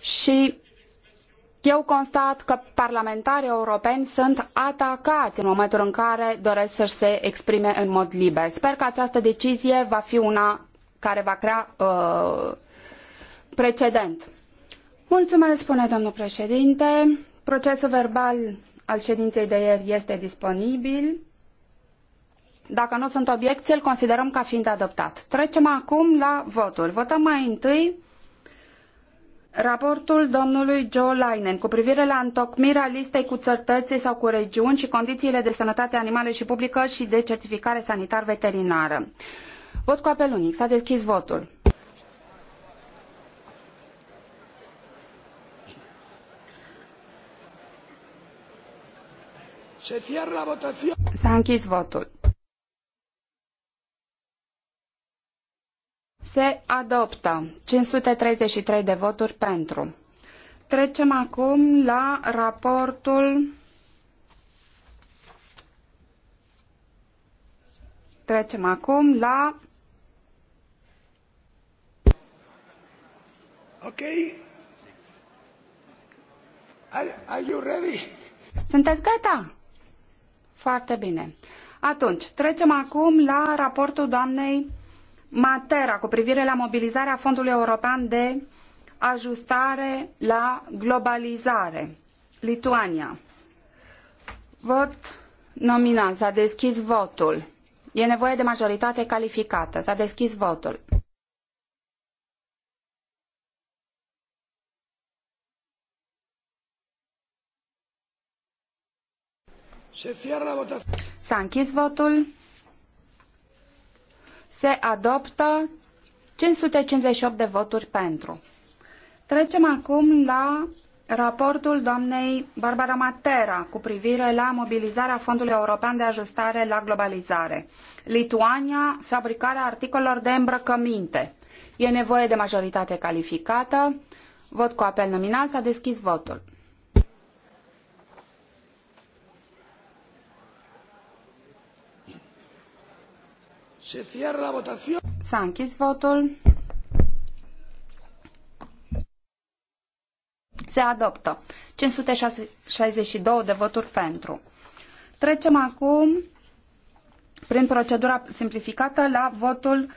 și eu constat că parlamentarii europeni sunt atacai în momentul în care doresc să se exprime în mod liber. Sper că această decizie va fi una care va crea uh, precedent. Mulțumesc, Procesul verbal al edinei de ieri este disponibil. Dacă nu sunt obiecii îl considerăm ca fiind adoptat. Trecem acum la voturi. Votăm mai întâi Raportul domnului Joe Leinen cu privire la întocmirea listei cu țărtății sau cu regiuni și condițiile de sănătate animale și publică și de certificare sanitar veterinară. Vot cu apel unic. S-a deschis votul. S-a închis votul. Se adoptă 533 de voturi pentru. Trecem acum la raportul Trecem acum la Ok. Are, are you ready? Sunteți gata? Foarte bine. Atunci, trecem acum la raportul doamnei Matera cu privire la mobilizarea Fondului European de ajustare la globalizare. Lituania. Vot nominal. S-a deschis votul. E nevoie de majoritate calificată. S-a deschis votul. S-a închis votul se adoptă 558 de voturi pentru. Trecem acum la raportul doamnei Barbara Matera cu privire la mobilizarea Fondului European de Ajustare la Globalizare. Lituania, fabricarea articolelor de îmbrăcăminte. E nevoie de majoritate calificată. Vot cu apel nominal. S-a deschis votul. Se cierra la votación. S-a închis votul. Se adoptă. 562 de voturi pentru. Trecem acum, prin procedura simplificată, la votul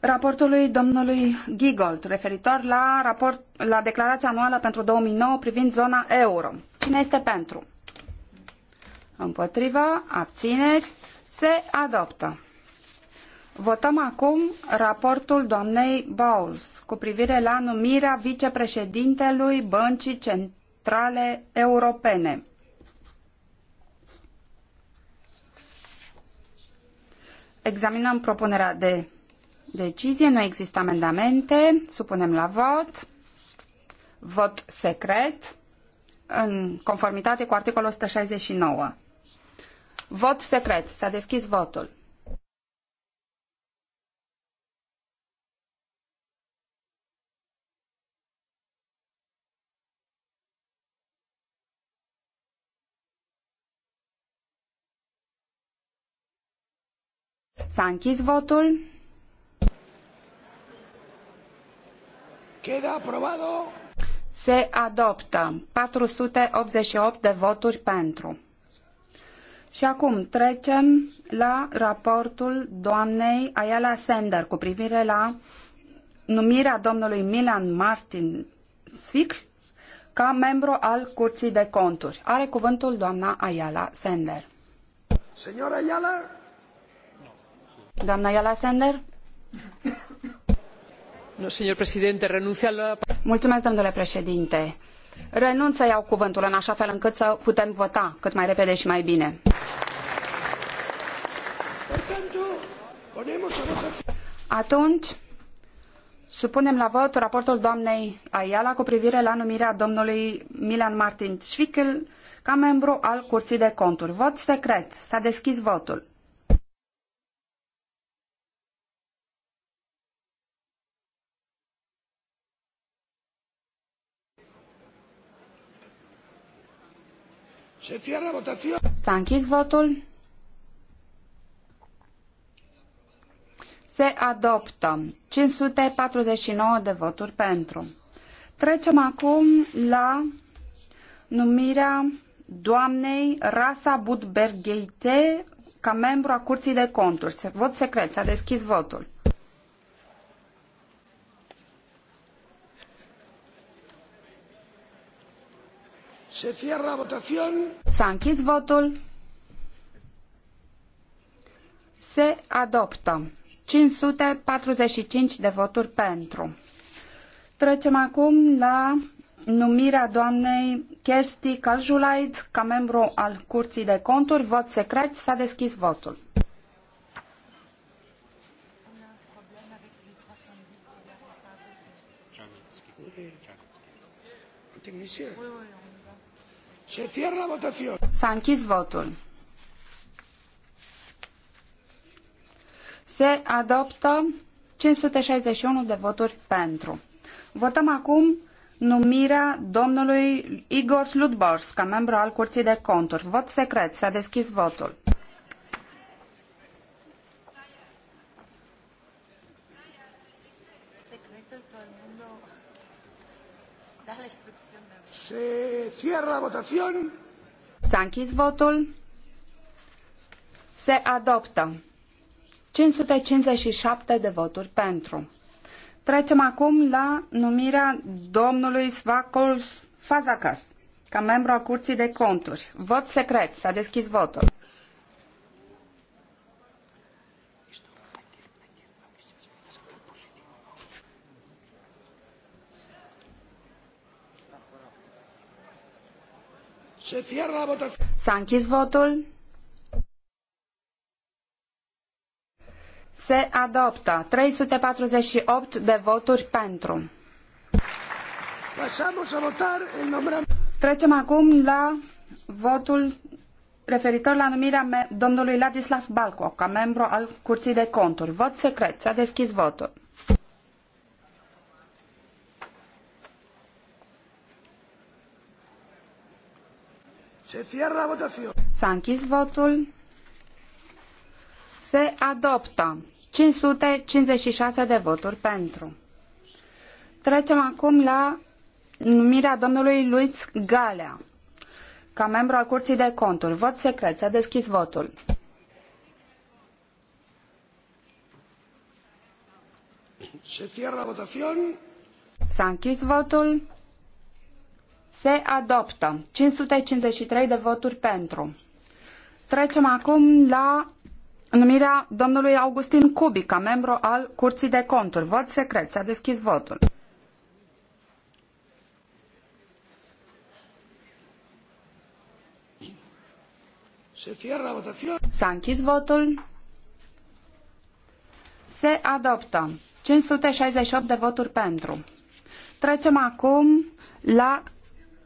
raportului domnului Giegold referitor la, raport, la declarația anuală pentru 2009 privind zona euro. Cine este pentru? Împotriva, abțineri, se adoptă. Votăm acum raportul doamnei Bowles cu privire la numirea vicepreședintelui Băncii Centrale Europene. Examinăm propunerea de decizie. Nu există amendamente. Supunem la vot. Vot secret în conformitate cu articolul 169. Vot secret. S-a deschis votul. S-a închis votul. Queda aprobado. Se adoptă 488 de voturi pentru. Și acum trecem la raportul doamnei Ayala Sender cu privire la numirea domnului Milan Martin Svic ca membru al Curții de Conturi. Are cuvântul doamna Ayala Sender. Señora Ayala, renun la... domnule președinte. să iau cuvântul în așa fel încât să putem vota cât mai repede și mai bine. Atunci, supunem la vot raportul doamnei Ayala cu privire la numirea domnului Milan Martin Schwickel ca membru al Curții de Conturi. Vot secret. S-a deschis votul. Se cierra votația. S-a închis votul. Se adoptă 549 de voturi pentru. Trecem acum la numirea doamnei Rasa Budbergheite ca membru a Curții de Conturi. Vot secret. S-a deschis votul. Se cierra votación. S-a închis votul. Se adoptă. 545 de voturi pentru. Trecem acum la numirea doamnei Kersti Kaljulaid ca membru al Curții de Conturi. Vot secret. S-a deschis votul. Oui, oui, oui. Se S-a închis votul. Se adoptă 561 de voturi pentru. Votăm acum numirea domnului Igor Sludbors ca membru al Curții de Conturi. Vot secret. S-a deschis votul. Se cierra la votación. S-a închis votul. Se adoptă. 557 de voturi pentru. Trecem acum la numirea domnului Svakol Fazakas ca membru al Curții de Conturi. Vot secret. S-a deschis votul. S-a închis votul. Se adoptă 348 de voturi pentru. Trecem acum la votul referitor la numirea domnului Ladislav Balco ca membru al Curții de Conturi. Vot secret. S-a deschis votul. Se cierra votación. S-a închis votul. Se adoptă. 556 de voturi pentru. Trecem acum la numirea domnului Luis Galea ca membru al Curții de Conturi. Vot secret. S-a deschis votul. Se cierra votación. S-a închis votul. Se adoptă. 553 de voturi pentru. Trecem acum la numirea domnului Augustin Cubi ca membru al Curții de Conturi. Vot secret. S-a deschis votul. S-a închis votul. Se adoptă. 568 de voturi pentru. Trecem acum la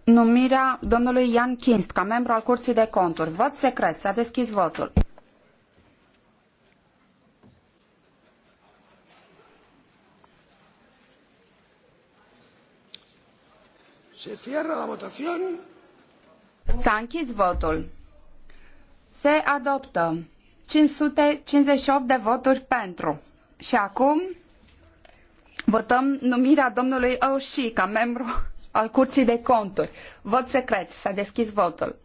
numirea domnului Jan Kinst ca membru al Curții de Conturi. Vot secret. S-a deschis votul. Se cierra la votación. S-a închis votul. Se adoptă 558 de voturi pentru. Și acum votăm numirea domnului Oshii ca membru al Curții de Conturi. Vot secret. S-a deschis votul.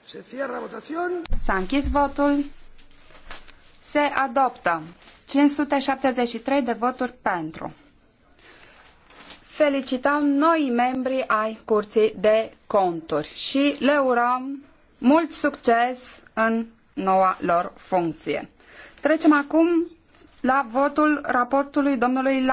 Se cierra votación. S-a închis votul. Se adoptă 573 de voturi pentru. Felicităm noi membri ai Curții de Conturi și le urăm mult succes în noua lor funcție. Trecem acum la votul raportului domnului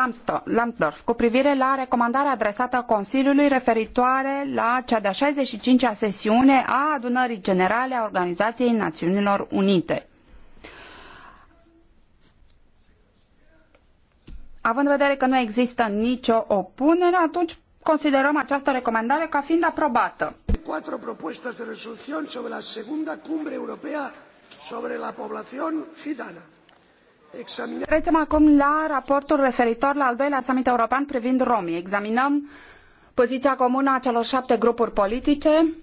Lambsdorff cu privire la recomandarea adresată Consiliului referitoare la cea de-a cinci a sesiune a adunării generale a Organizației Națiunilor Unite. Având în vedere că nu există nicio opunere, atunci considerăm această recomandare ca fiind aprobată. Cuatro propuestas de resolución sobre la segunda cumbre europea Trecem acum la raportul referitor la al doilea summit european privind romii. Examinăm poziția comună a celor apte grupuri politice.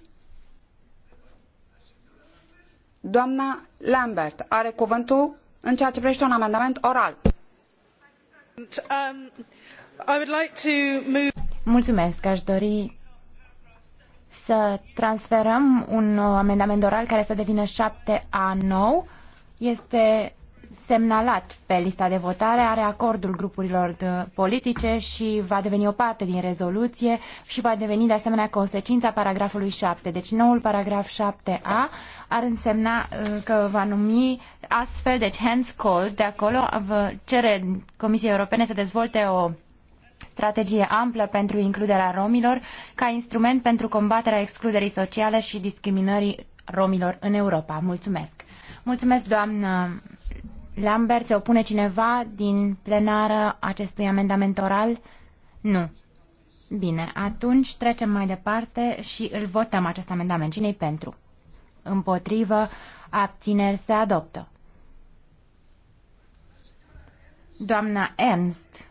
Doamna Lambert are cuvântul în ceea ce privește un amendament oral. Um, Mulțumesc. dori să transferăm un uh, amendament oral care să devină 7A9. Este semnalat pe lista de votare, are acordul grupurilor politice și va deveni o parte din rezoluție și va deveni de asemenea consecința paragrafului 7. Deci noul paragraf 7a ar însemna uh, că va numi astfel, deci hands calls de acolo, cere Comisiei Europene să dezvolte o strategie amplă pentru includerea romilor ca instrument pentru combaterea excluderii sociale și discriminării romilor în Europa. Mulțumesc! Mulțumesc, doamnă Lambert. Se opune cineva din plenară acestui amendament oral? Nu. Bine, atunci trecem mai departe și îl votăm acest amendament. cine pentru? Împotrivă, abțineri se adoptă. Doamna Ernst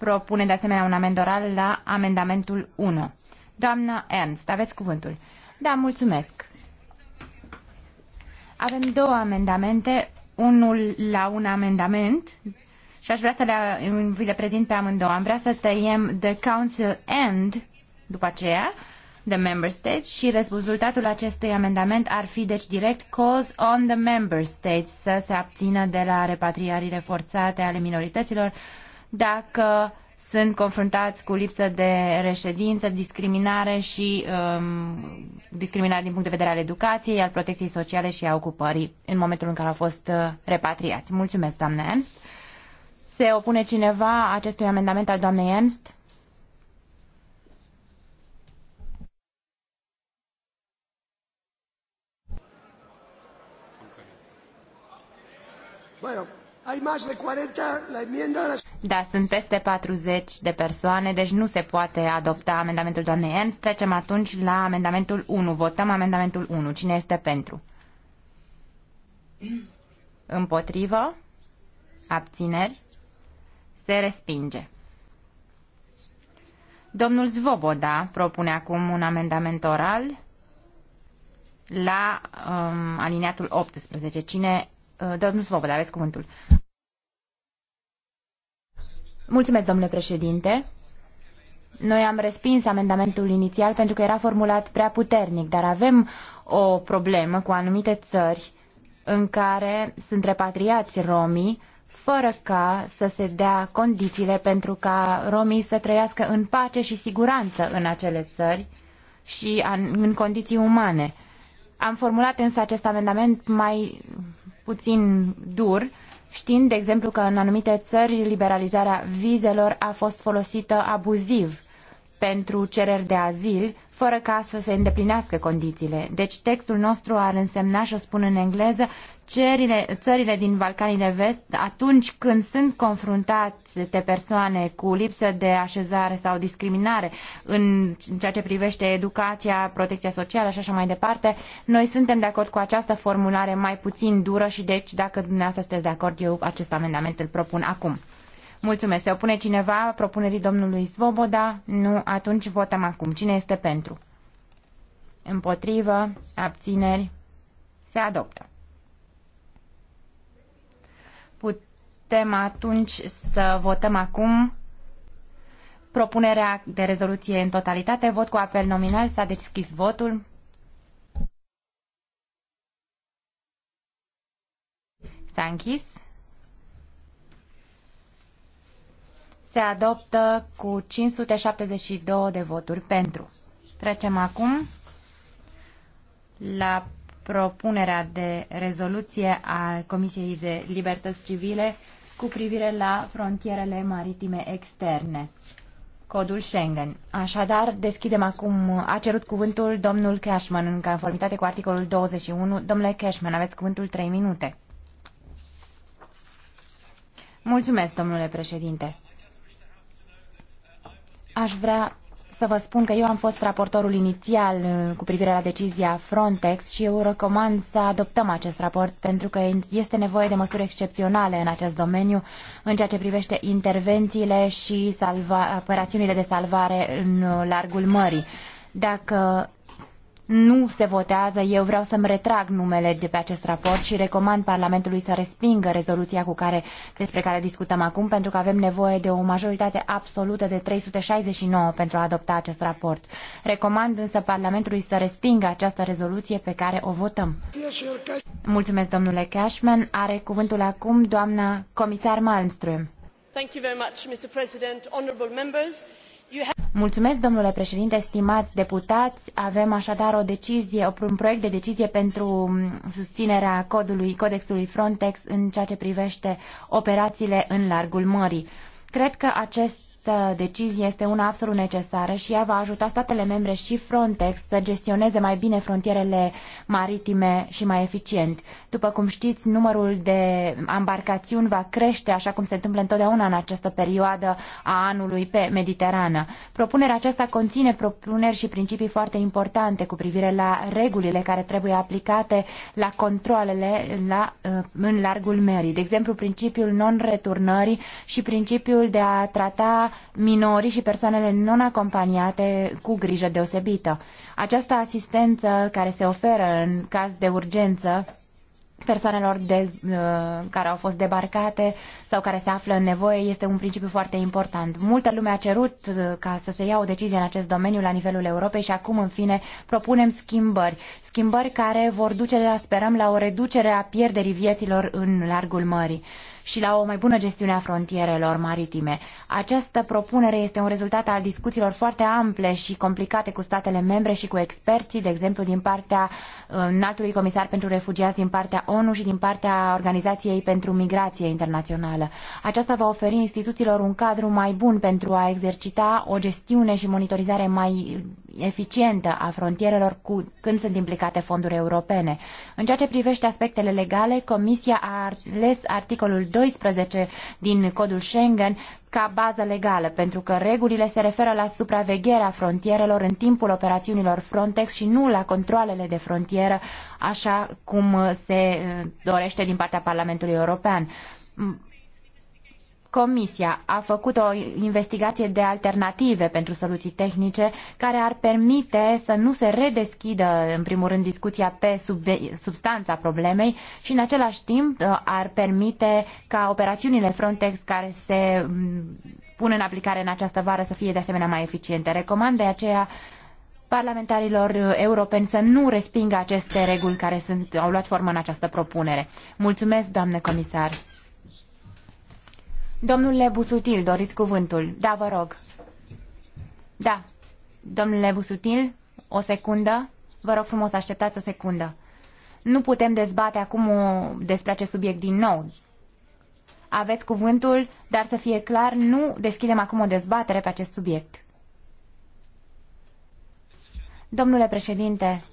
propune de asemenea un amend oral la amendamentul 1. Doamna Ernst, aveți cuvântul. Da, mulțumesc. Avem două amendamente, unul la un amendament și aș vrea să le, vi le prezint pe amândouă. Am vrea să tăiem the council and după aceea the member states și rezultatul acestui amendament ar fi deci direct calls on the member states să se abțină de la repatriarile forțate ale minorităților dacă sunt confruntați cu lipsă de reședință, discriminare și um, discriminare din punct de vedere al educației, al protecției sociale și a ocupării în momentul în care au fost uh, repatriați. Mulțumesc, doamne Ernst. Se opune cineva acestui amendament al doamnei Ernst? Bueno. Da, sunt peste 40 de persoane, deci nu se poate adopta amendamentul doamnei Ernst. Trecem atunci la amendamentul 1. Votăm amendamentul 1. Cine este pentru? Împotrivă? Abțineri? Se respinge. Domnul Zvoboda propune acum un amendament oral la um, aliniatul 18. Cine Uh, Domnul Svoboda, aveți cuvântul. Mulțumesc, domnule președinte. Noi am respins amendamentul inițial pentru că era formulat prea puternic, dar avem o problemă cu anumite țări în care sunt repatriați romii fără ca să se dea condițiile pentru ca romii să trăiască în pace și siguranță în acele țări și în condiții umane. Am formulat însă acest amendament mai puțin dur, știind, de exemplu, că în anumite țări liberalizarea vizelor a fost folosită abuziv pentru cereri de azil fără ca să se îndeplinească condițiile. Deci textul nostru ar însemna, și o spun în engleză, cerile, țările din Balcanii de Vest, atunci când sunt confruntate de persoane cu lipsă de așezare sau discriminare în ceea ce privește educația, protecția socială și așa mai departe, noi suntem de acord cu această formulare mai puțin dură și deci, dacă dumneavoastră sunteți de acord, eu acest amendament îl propun acum. Mulțumesc. Se opune cineva propunerii domnului Svoboda? Nu. Atunci votăm acum. Cine este pentru? Împotrivă. Abțineri. Se adoptă. Putem atunci să votăm acum propunerea de rezoluție în totalitate. Vot cu apel nominal. S-a deschis votul. S-a închis. se adoptă cu 572 de voturi pentru. Trecem acum la propunerea de rezoluție a Comisiei de Libertăți Civile cu privire la frontierele maritime externe, codul Schengen. Așadar, deschidem acum, a cerut cuvântul domnul Cashman în conformitate cu articolul 21. Domnule Cashman, aveți cuvântul 3 minute. Mulțumesc, domnule președinte aș vrea să vă spun că eu am fost raportorul inițial uh, cu privire la decizia Frontex și eu recomand să adoptăm acest raport pentru că este nevoie de măsuri excepționale în acest domeniu în ceea ce privește intervențiile și salva, operațiunile de salvare în uh, largul mării. Dacă nu se votează, eu vreau să-mi retrag numele de pe acest raport și recomand Parlamentului să respingă rezoluția cu care, despre care discutăm acum, pentru că avem nevoie de o majoritate absolută de 369 pentru a adopta acest raport. Recomand însă Parlamentului să respingă această rezoluție pe care o votăm. Mulțumesc, domnule Cashman. Are cuvântul acum doamna comisar Malmström. Thank you very much, Mr. President, honorable members. Mulțumesc, domnule președinte, stimați deputați. Avem așadar o decizie, un proiect de decizie pentru mm, susținerea codului, codexului Frontex în ceea ce privește operațiile în largul mării. Cred că acest această decizie este una absolut necesară și ea va ajuta statele membre și Frontex să gestioneze mai bine frontierele maritime și mai eficient. După cum știți, numărul de embarcațiuni va crește, așa cum se întâmplă întotdeauna în această perioadă a anului pe Mediterană. Propunerea aceasta conține propuneri și principii foarte importante cu privire la regulile care trebuie aplicate la controlele la, în largul mării. De exemplu, principiul non-returnării și principiul de a trata minorii și persoanele non-acompaniate cu grijă deosebită. Această asistență care se oferă în caz de urgență persoanelor de, uh, care au fost debarcate sau care se află în nevoie este un principiu foarte important. Multă lume a cerut uh, ca să se ia o decizie în acest domeniu la nivelul Europei și acum, în fine, propunem schimbări. Schimbări care vor duce, sperăm, la o reducere a pierderii vieților în largul mării și la o mai bună gestiune a frontierelor maritime. Această propunere este un rezultat al discuțiilor foarte ample și complicate cu statele membre și cu experții, de exemplu din partea uh, înaltului comisar pentru refugiați, din partea ONU și din partea Organizației pentru Migrație Internațională. Aceasta va oferi instituțiilor un cadru mai bun pentru a exercita o gestiune și monitorizare mai eficientă a frontierelor cu, când sunt implicate fonduri europene. În ceea ce privește aspectele legale, Comisia a ales articolul 12 din codul Schengen ca bază legală, pentru că regulile se referă la supravegherea frontierelor în timpul operațiunilor Frontex și nu la controlele de frontieră, așa cum se uh, dorește din partea Parlamentului European Comisia a făcut o investigație de alternative pentru soluții tehnice care ar permite să nu se redeschidă, în primul rând, discuția pe substanța problemei și, în același timp, uh, ar permite ca operațiunile Frontex care se mm, pun în aplicare în această vară să fie, de asemenea, mai eficiente. Recomand de aceea parlamentarilor europeni să nu respingă aceste reguli care sunt, au luat formă în această propunere. Mulțumesc, doamnă comisar. Domnule Busutil, doriți cuvântul. Da, vă rog. Da. Domnule Busutil, o secundă. Vă rog frumos, așteptați o secundă. Nu putem dezbate acum o, despre acest subiect din nou. Aveți cuvântul, dar să fie clar, nu deschidem acum o dezbatere pe acest subiect. Domnule președinte,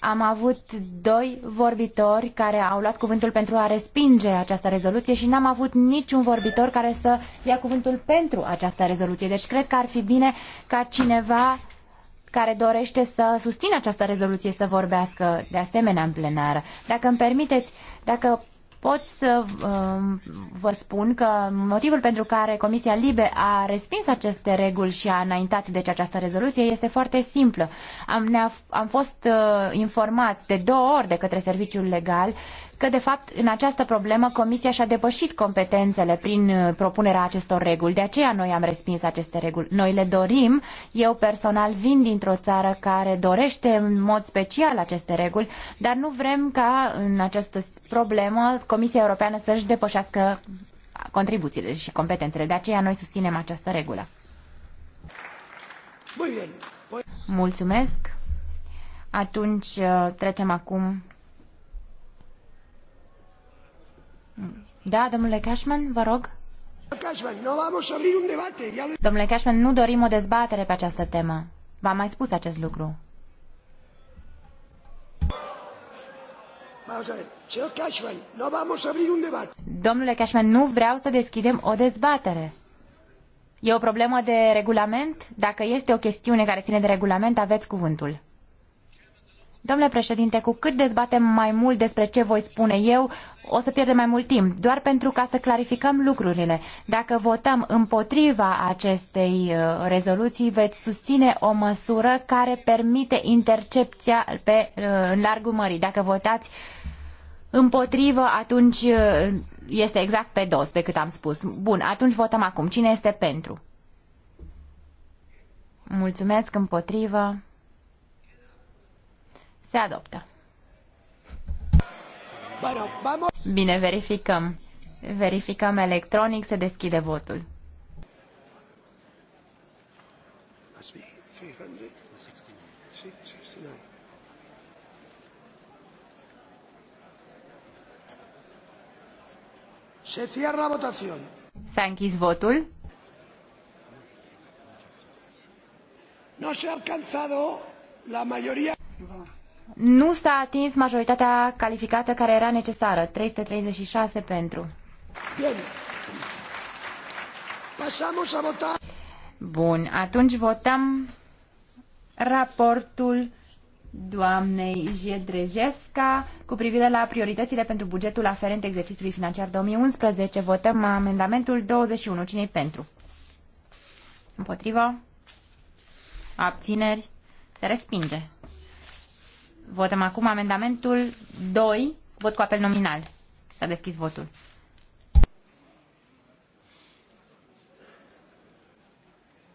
am avut doi vorbitori care au luat cuvântul pentru a respinge această rezoluție și n-am avut niciun vorbitor care să ia cuvântul pentru această rezoluție. Deci cred că ar fi bine ca cineva care dorește să susțină această rezoluție să vorbească de asemenea în plenară. Dacă îmi permiteți, dacă pot să um, vă spun că motivul pentru care Comisia Libe a respins aceste reguli și a înaintat deci această rezoluție este foarte simplă. Am, am fost uh, informați de două ori de către serviciul legal că, de fapt, în această problemă Comisia și-a depășit competențele prin uh, propunerea acestor reguli. De aceea noi am respins aceste reguli. Noi le dorim. Eu personal vin dintr-o țară care dorește în mod special aceste reguli, dar nu vrem ca în această problemă Comisia Europeană să-și depășească contribuțiile și competențele. De aceea noi susținem această regulă. Mulțumesc. Atunci uh, trecem acum Da, domnule Cashman, vă rog. Cashman, no vamos a abrir un debate. Domnule Cashman, nu dorim o dezbatere pe această temă. V-am mai spus acest lucru. Domnule Cashman, nu vreau să deschidem o dezbatere. E o problemă de regulament? Dacă este o chestiune care ține de regulament, aveți cuvântul. Domnule președinte, cu cât dezbatem mai mult despre ce voi spune eu, o să pierdem mai mult timp, doar pentru ca să clarificăm lucrurile. Dacă votăm împotriva acestei uh, rezoluții, veți susține o măsură care permite intercepția pe, uh, în largul mării. Dacă votați împotrivă, atunci uh, este exact pe dos decât am spus. Bun, atunci votăm acum. Cine este pentru? Mulțumesc, împotrivă. Se adoptă. Bine, verificăm. Verificăm electronic, se deschide votul. Se cierra votación. S-a închis votul. No se ha alcanzado la mayoría. Nu s-a atins majoritatea calificată care era necesară, 336 pentru. Bine. Pasamos a votar. Bun, atunci votăm raportul doamnei Jedrejevska cu privire la prioritățile pentru bugetul aferent exercițiului financiar 2011. Votăm amendamentul 21. Cine-i pentru? Împotrivă? Abțineri? Se respinge. Votăm acum amendamentul 2, vot cu apel nominal. S-a deschis votul.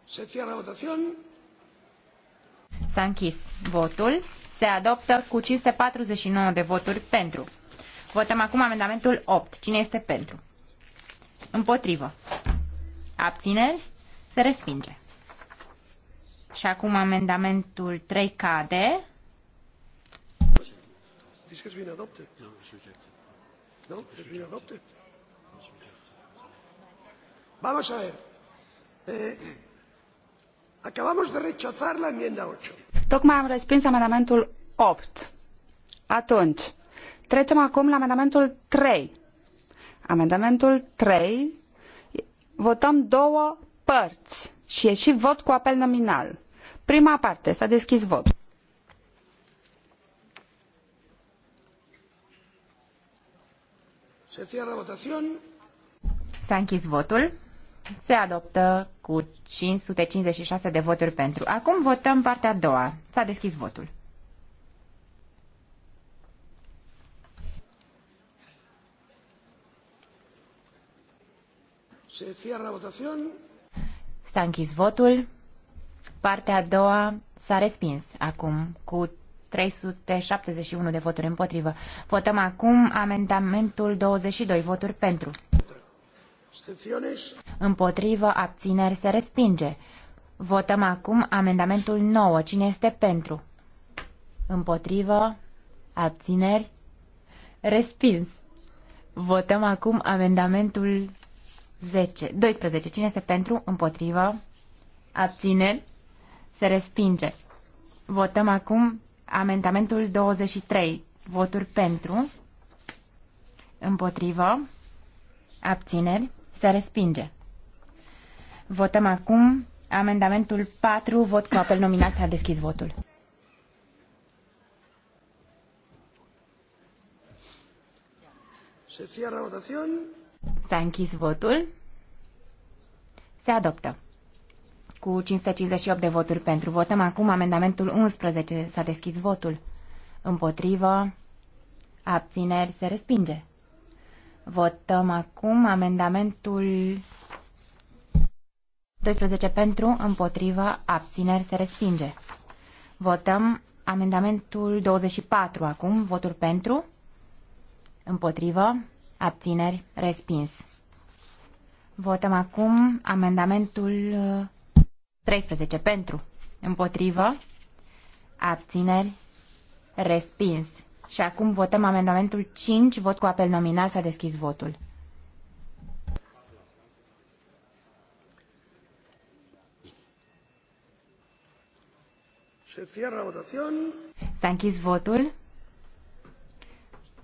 Se cierra votación. S-a închis votul. Se adoptă cu 549 de voturi pentru. Votăm acum amendamentul 8. Cine este pentru? Împotrivă. Abțineri? Se respinge. Și acum amendamentul 3 cade. This has been adopted. No, it's rejected. No, it's, it's been adopted. It's Vamos a ver. Eh, acabamos de rechazar la enmienda 8. Tocmai am respins amendamentul 8. Atunci, trecem acum la amendamentul 3. Amendamentul 3, votăm două părți și e și vot cu apel nominal. Prima parte, s-a deschis votul. Se cierra votación. S-a închis votul. Se adoptă cu 556 de voturi pentru. Acum votăm partea a doua. S-a deschis votul. Se cierra votación. S-a închis votul. Partea a doua s-a respins acum cu 371 de voturi împotrivă. Votăm acum amendamentul 22, voturi pentru. Împotrivă, abțineri, se respinge. Votăm acum amendamentul 9. Cine este pentru? Împotrivă, abțineri, respins. Votăm acum amendamentul 10. 12. Cine este pentru? Împotrivă, abțineri, se respinge. Votăm acum Amendamentul 23. Voturi pentru. Împotrivă. Abțineri. Se respinge. Votăm acum amendamentul 4. Vot cu apel nominal. S-a deschis votul. Se S-a închis votul. Se adoptă cu 558 de voturi pentru. Votăm acum amendamentul 11. S-a deschis votul. Împotrivă. Abțineri. Se respinge. Votăm acum amendamentul 12 pentru, împotrivă, abțineri, se respinge. Votăm amendamentul 24 acum, votul pentru, împotrivă, abțineri, respins. Votăm acum amendamentul 13 pentru, împotrivă, abțineri, respins. Și acum votăm amendamentul 5, vot cu apel nominal, s-a deschis votul. Se S-a închis votul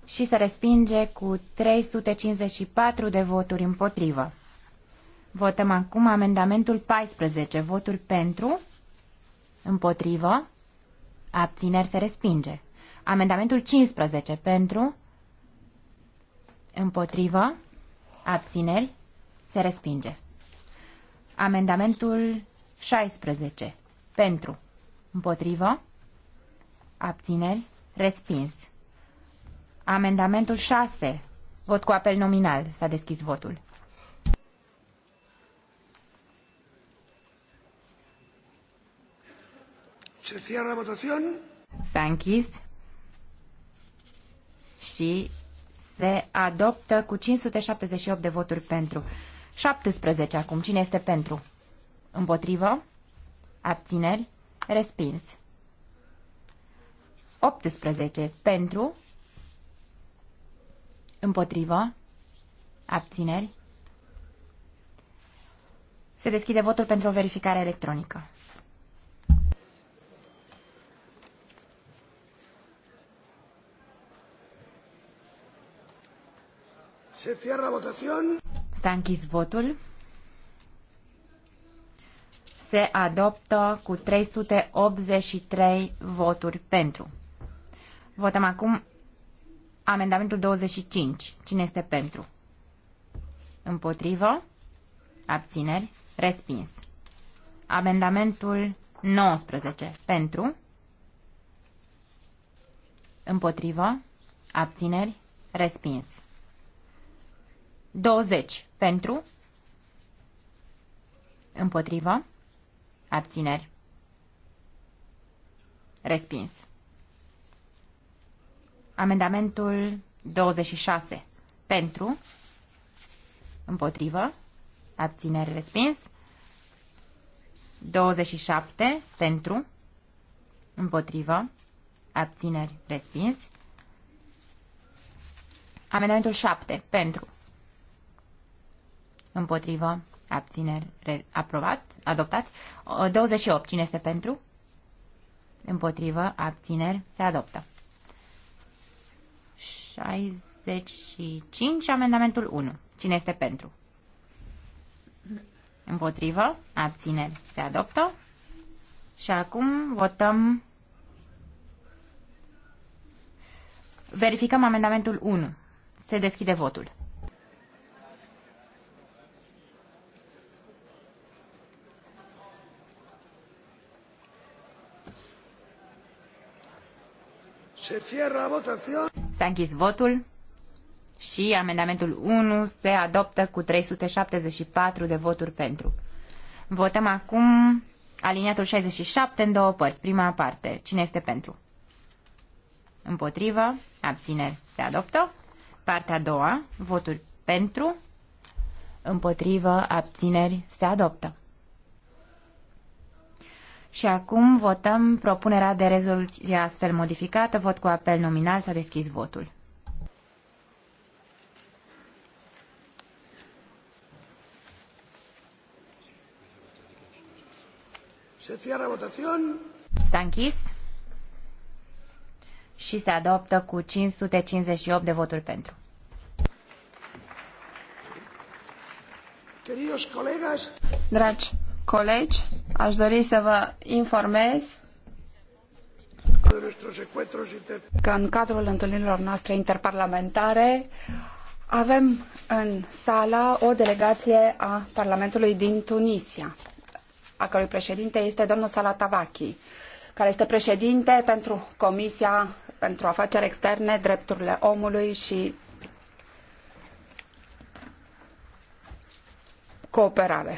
și se respinge cu 354 de voturi împotrivă. Votăm acum amendamentul 14. Voturi pentru, împotrivă, abțineri se respinge. Amendamentul 15 pentru, împotrivă, abțineri se respinge. Amendamentul 16 pentru, împotrivă, abțineri, respins. Amendamentul 6. Vot cu apel nominal. S-a deschis votul. Se cierra votación. s și se adoptă cu 578 de voturi pentru. 17 acum. Cine este pentru? Împotrivă? Abțineri? Respins. 18 pentru? Împotrivă? Abțineri? Se deschide votul pentru o verificare electronică. Se cierra votación. S-a închis votul. Se adoptă cu 383 voturi pentru. Votăm acum amendamentul 25. Cine este pentru? Împotrivă? Abțineri? Respins. Amendamentul 19. Pentru? Împotrivă? Abțineri? Respins. 20 pentru, împotrivă, abțineri, respins. Amendamentul 26 pentru, împotrivă, abțineri, respins. 27 pentru, împotrivă, abțineri, respins. Amendamentul 7 pentru, Împotrivă. Abțineri. Aprobat. Adoptat. 28. Cine este pentru? Împotrivă. Abțineri. Se adoptă. 65. Amendamentul 1. Cine este pentru? Împotrivă. Abțineri. Se adoptă. Și acum votăm... Verificăm amendamentul 1. Se deschide votul. Se cierra votación. S-a închis votul și amendamentul 1 se adoptă cu 374 de voturi pentru. Votăm acum aliniatul 67 în două părți. Prima parte. Cine este pentru? Împotrivă. Abțineri. Se adoptă. Partea a doua. Voturi pentru. Împotrivă. Abțineri. Se adoptă. Și acum votăm propunerea de rezoluție astfel modificată. Vot cu apel nominal. S-a deschis votul. Se cierra votación. S-a închis și se adoptă cu 558 de voturi pentru. Dragi Colegi, aș dori să vă informez că în cadrul întâlnirilor noastre interparlamentare avem în sală o delegație a Parlamentului din Tunisia, a cărui președinte este domnul Salah Tavaki, care este președinte pentru Comisia pentru Afaceri Externe, Drepturile Omului și Cooperare.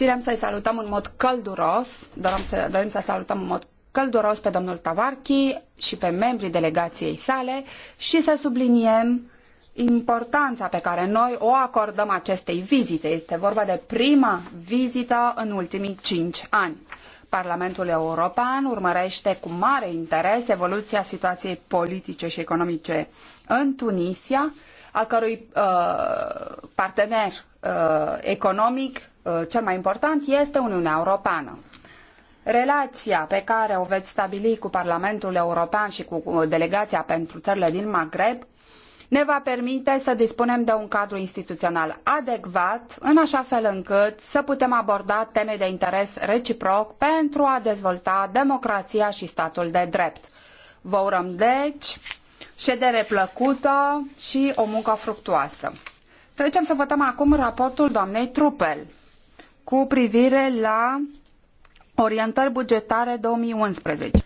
Ținem să-i salutăm în mod călduros, dorim să, dorim să salutăm în mod călduros pe domnul Tavarchi și pe membrii delegației sale și să subliniem importanța pe care noi o acordăm acestei vizite. Este vorba de prima vizită în ultimii cinci ani. Parlamentul European urmărește cu mare interes evoluția situației politice și economice în Tunisia, al cărui uh, partener Uh, economic uh, cel mai important este Uniunea Europeană. Relația pe care o veți stabili cu Parlamentul European și cu uh, delegația pentru țările din Maghreb ne va permite să dispunem de un cadru instituțional adecvat, în așa fel încât să putem aborda teme de interes reciproc pentru a dezvolta democrația și statul de drept. Vă urăm, deci, ședere plăcută și o muncă fructuoasă. Trecem să votăm acum raportul doamnei Trupel cu privire la orientări bugetare 2011.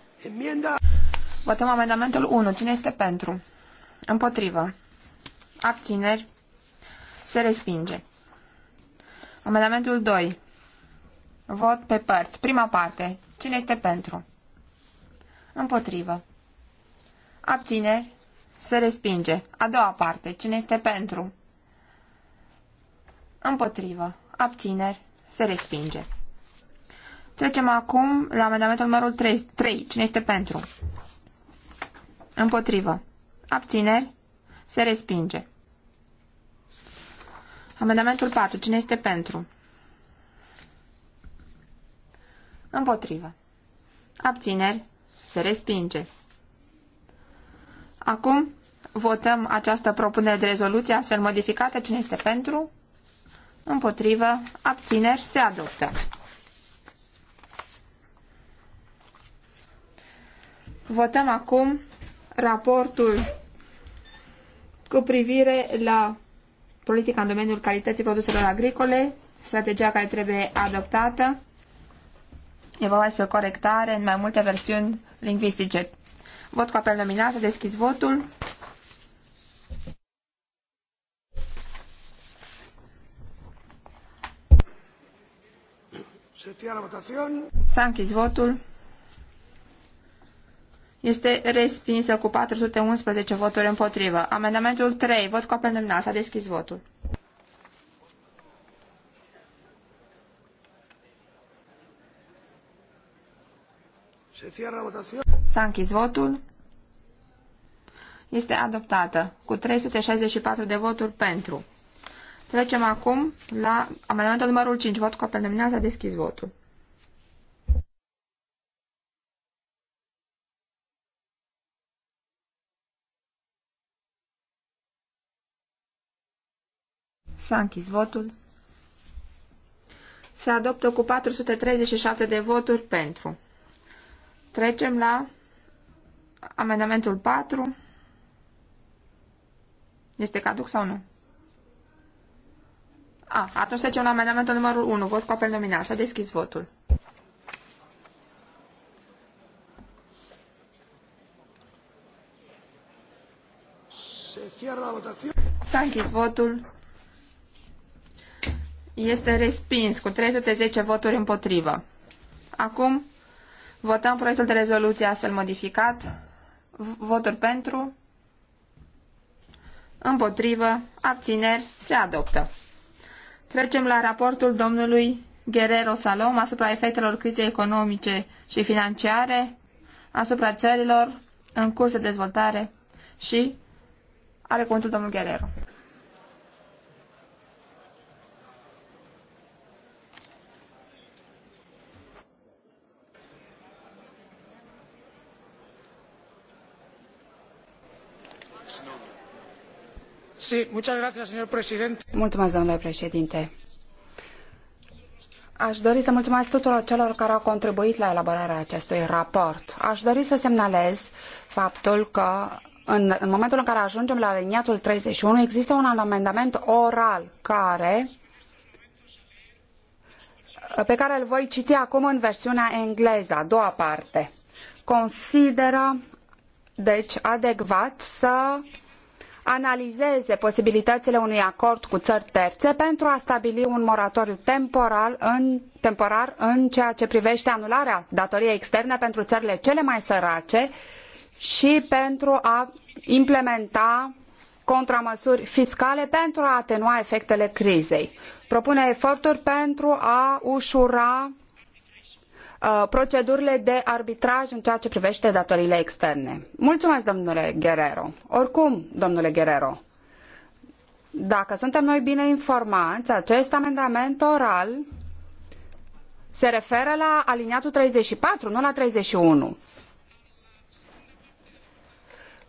Votăm amendamentul 1. Cine este pentru? Împotrivă. Abțineri. Se respinge. Amendamentul 2. Vot pe părți. Prima parte. Cine este pentru? Împotrivă. Abțineri. Se respinge. A doua parte. Cine este pentru? împotrivă, abțineri, se respinge. Trecem acum la amendamentul numărul 3. 3. Cine este pentru? Împotrivă. Abțineri. Se respinge. Amendamentul 4. Cine este pentru? Împotrivă. Abțineri. Se respinge. Acum votăm această propunere de rezoluție astfel modificată. Cine este pentru? împotrivă, abțineri, se adoptă. Votăm acum raportul cu privire la politica în domeniul calității produselor agricole, strategia care trebuie adoptată. E vorba despre corectare în mai multe versiuni lingvistice. Vot cu apel nominal, să deschis votul. S-a închis votul. Este respinsă cu 411 voturi împotrivă. Amendamentul 3. Vot cu apel nominal. S-a deschis votul. S-a închis votul. Este adoptată cu 364 de voturi pentru. Trecem acum la amendamentul numărul 5. Vot cu apel nominal s-a deschis votul. S-a închis votul. Se adoptă cu 437 de voturi pentru. Trecem la amendamentul 4. Este caduc sau nu? A, atunci trecem la amendamentul numărul 1. Vot cu apel nominal. S-a deschis votul. S-a închis votul. Este respins cu 310 voturi împotrivă. Acum votăm proiectul de rezoluție astfel modificat. Voturi pentru, împotrivă, abțineri, se adoptă. Trecem la raportul domnului Guerrero Salom asupra efectelor crizei economice și financiare asupra țărilor în curs de dezvoltare și are contul domnul Guerrero. Sí, muchas gracias, señor presidente. Mulțumesc, domnule președinte. Aș dori să mulțumesc tuturor celor care au contribuit la elaborarea acestui raport. Aș dori să semnalez faptul că în, în momentul în care ajungem la aliniatul 31 există un amendament oral care pe care îl voi citi acum în versiunea engleză, a doua parte. Consideră, deci, adecvat să analizeze posibilitățile unui acord cu țări terțe pentru a stabili un moratoriu temporal temporar în ceea ce privește anularea datoriei externe pentru țările cele mai sărace și pentru a implementa contramăsuri fiscale pentru a atenua efectele crizei. Propune eforturi pentru a ușura Uh, procedurile de arbitraj în ceea ce privește datoriile externe. Mulumesc, domnule Guerrero. Oricum, domnule Guerrero, dacă suntem noi bine informați, acest amendament oral se referă la aliniatul 34, nu la 31.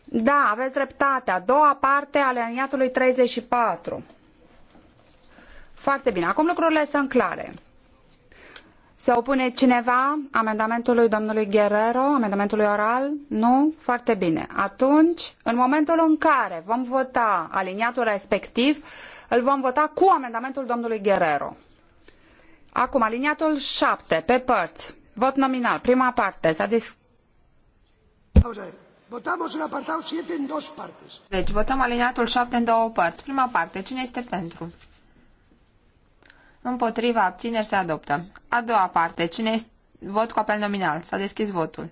Da, aveți dreptate. A doua parte a aliniatului 34. Foarte bine. Acum lucrurile sunt clare. Se opune cineva amendamentului domnului Guerrero, amendamentului oral? Nu? Foarte bine. Atunci, în momentul în care vom vota aliniatul respectiv, îl vom vota cu amendamentul domnului Guerrero. Acum, aliniatul 7, pe părți. Vot nominal, prima parte. S-a dis... Votamos el apartado 7 în două părți. Deci, votăm aliniatul 7 în două părți. Prima parte, cine este pentru? Împotriva abțineri se adoptă. A doua parte. Cine este vot cu apel nominal? S-a deschis votul.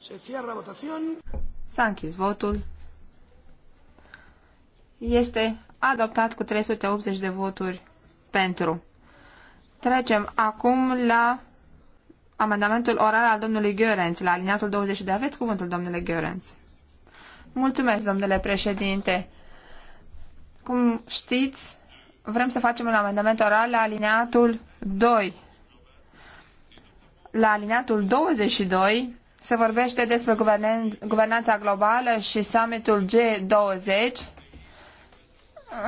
Se cierra votación. S-a închis votul. Este adoptat cu 380 de voturi pentru. Trecem acum la amendamentul oral al domnului Gheorenț la aliniatul de Aveți cuvântul, domnule Gheorenț. Mulțumesc, domnule președinte. Cum știți, vrem să facem un amendament oral la alineatul 2. La alineatul 22 se vorbește despre guvernanța globală și summitul G20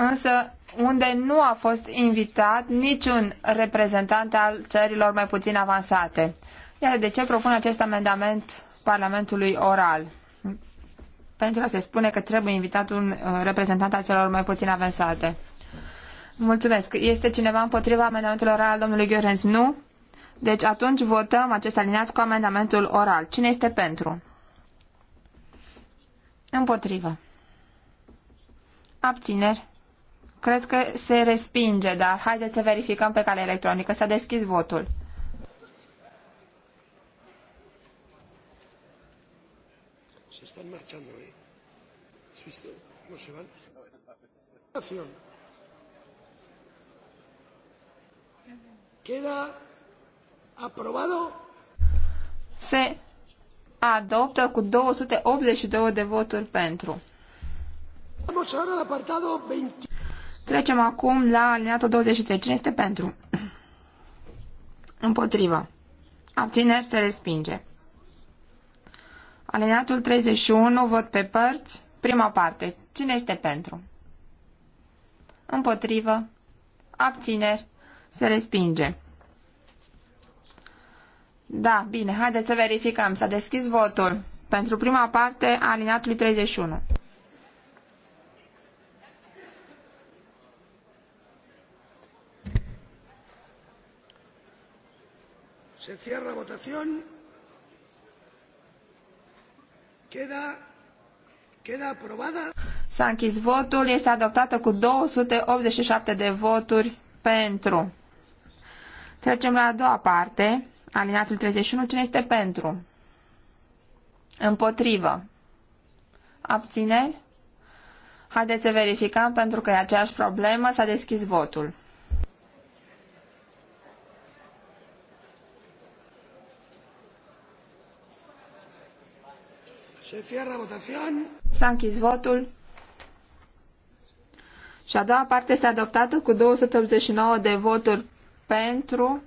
însă unde nu a fost invitat niciun reprezentant al țărilor mai puțin avansate. Iată de ce propun acest amendament Parlamentului oral. Pentru a se spune că trebuie invitat un uh, reprezentant al țărilor mai puțin avansate. Mulțumesc. Este cineva împotriva amendamentului oral al domnului Gheorens? Nu? Deci atunci votăm acest aliniat cu amendamentul oral. Cine este pentru? Împotrivă. Abțineri. Cred că se respinge, dar haideți să verificăm pe cale electronică. S-a deschis votul. Se están marchando, ¿eh? ¿Has visto cómo se van? Queda aprobado. Se adoptă cu 282 de voturi pentru. Vamos ahora al apartado 20. Trecem acum la alineatul 23. Cine este pentru? Împotrivă. Abțineri se respinge. Alineatul 31, vot pe părți, prima parte. Cine este pentru? Împotrivă. Abțineri se respinge. Da, bine, haideți să verificăm. S-a deschis votul pentru prima parte a alineatului 31. Se cierra votación. Queda, queda aprobada. S-a închis votul. Este adoptată cu 287 de voturi pentru. Trecem la a doua parte. Alinatul 31. Cine este pentru? Împotrivă. Abțineri? Haideți să verificăm pentru că e aceeași problemă. S-a deschis votul. Se S-a închis votul. Și a doua parte este adoptată cu 289 de voturi pentru.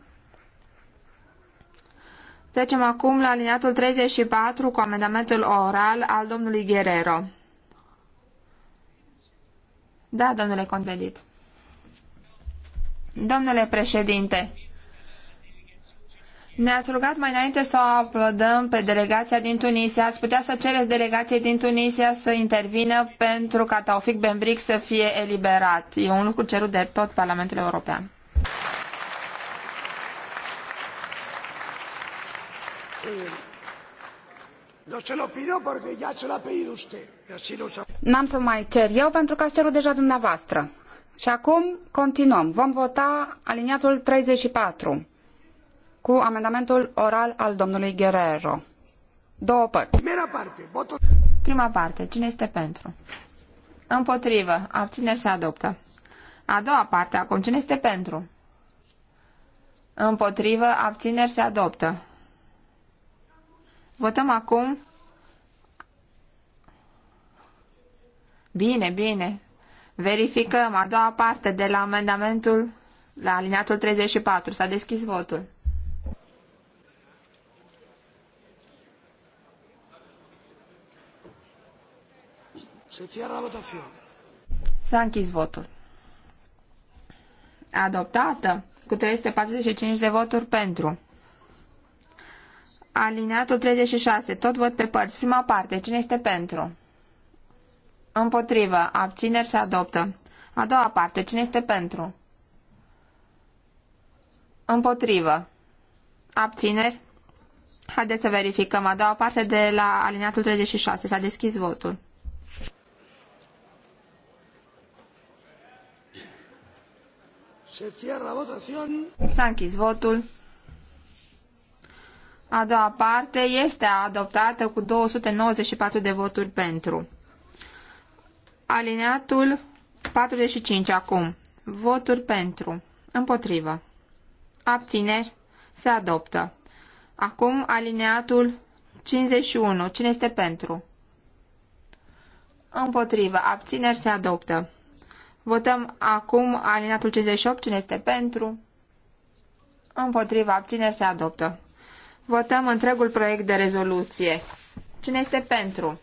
Trecem acum la aliniatul 34 cu amendamentul oral al domnului Guerrero. Da, domnule Convedit. Domnule președinte, ne-ați rugat mai înainte să o aplaudăm pe delegația din Tunisia. Ați putea să cereți delegației din Tunisia să intervină pentru ca Taufik Benbric să fie eliberat. E un lucru cerut de tot Parlamentul European. Eh, N-am să mai cer eu pentru că ați cerut deja dumneavoastră. Și acum continuăm. Vom vota aliniatul 34 cu amendamentul oral al domnului Guerrero. Două părți. Prima parte. Cine este pentru? Împotrivă. abține se adoptă. A doua parte. Acum cine este pentru? Împotrivă. Abțineri se adoptă. Votăm acum. Bine, bine. Verificăm a doua parte de la amendamentul la alineatul 34. S-a deschis votul. Se cierra votación. S-a închis votul. Adoptată cu 345 de voturi pentru. Alineatul 36. Tot vot pe părți. Prima parte. Cine este pentru? Împotrivă. Abțineri se adoptă. A doua parte. Cine este pentru? Împotrivă. Abțineri. Haideți să verificăm a doua parte de la alineatul 36. S-a deschis votul. S-a închis votul. A doua parte este adoptată cu 294 de voturi pentru. Alineatul 45 acum. Voturi pentru. Împotrivă. Abțineri. Se adoptă. Acum alineatul 51. Cine este pentru? Împotrivă. Abțineri se adoptă. Votăm acum alinatul 58. Cine este pentru? Împotriva. Cine se adoptă. Votăm întregul proiect de rezoluție. Cine este pentru?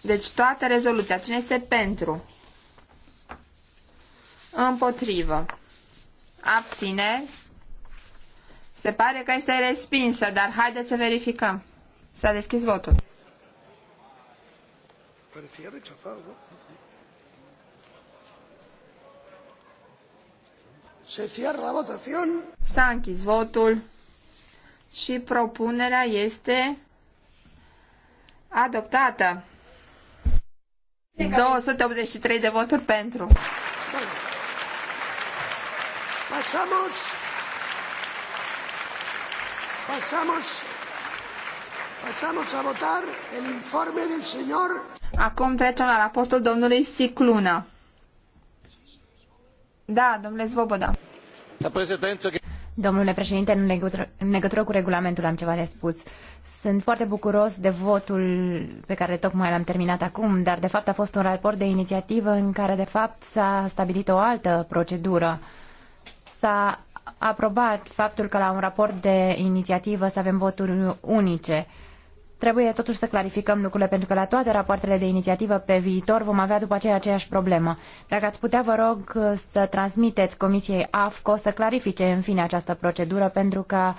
Deci toată rezoluția. Cine este pentru? Împotrivă. Abține. Se pare că este respinsă, dar haideți să verificăm. S-a deschis votul. Parecía rechazado. Se la votación. S-a închis votul și propunerea este adoptată. 283 de voturi pentru. Pasamos. Pasamos. Pasamos a votar el informe del señor. Acum trecem la raportul domnului Sicluna. Da, domnule Svoboda. Domnule președinte, în legătură, în legătură cu regulamentul am ceva de spus. Sunt foarte bucuros de votul pe care tocmai l-am terminat acum, dar de fapt a fost un raport de inițiativă în care de fapt s-a stabilit o altă procedură. S-a aprobat faptul că la un raport de inițiativă să avem voturi unice. Uh, Trebuie totuși să clarificăm lucrurile, pentru că la toate rapoartele de inițiativă pe viitor vom avea după aceea aceeași problemă. Dacă ați putea, vă rog să transmiteți Comisiei AFCO să clarifice în fine această procedură, pentru că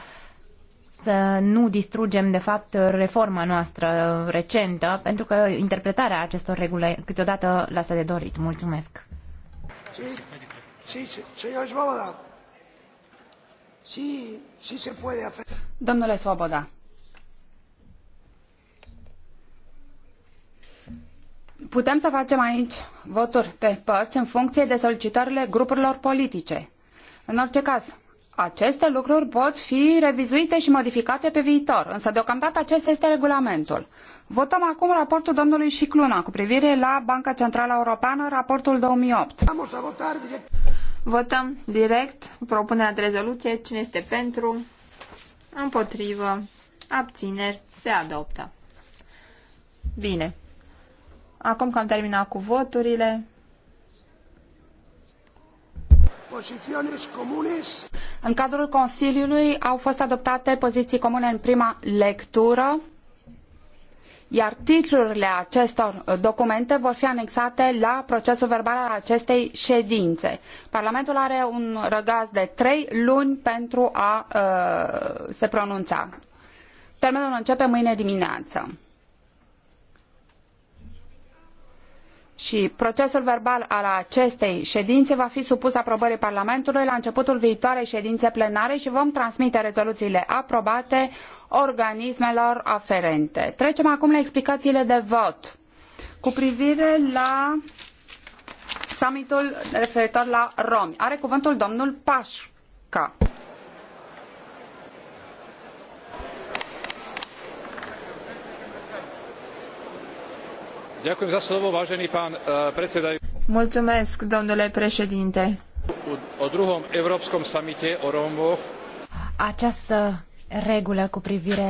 să nu distrugem, de fapt, reforma noastră recentă, pentru că interpretarea acestor reguli câteodată lasă de dorit. Mulțumesc. Domnule Svoboda, putem să facem aici voturi pe părți în funcție de solicitările grupurilor politice. În orice caz, aceste lucruri pot fi revizuite și modificate pe viitor, însă deocamdată acesta este regulamentul. Votăm acum raportul domnului Șicluna cu privire la Banca Centrală Europeană, raportul 2008. Votăm direct propunerea de rezoluție. Cine este pentru? Împotrivă? Abțineri? Se adoptă. Bine. Acum că am terminat cu voturile. În cadrul Consiliului au fost adoptate poziții comune în prima lectură, iar titlurile acestor documente vor fi anexate la procesul verbal al acestei ședințe. Parlamentul are un răgaz de trei luni pentru a uh, se pronunța. Termenul începe mâine dimineață. și procesul verbal al acestei ședințe va fi supus aprobării Parlamentului la începutul viitoarei ședințe plenare și vom transmite rezoluțiile aprobate organismelor aferente. Trecem acum la explicațiile de vot cu privire la summitul referitor la romi. Are cuvântul domnul Pașca. Eh, domnule președinte. O druhom Europskom samite o Această regulă cu privire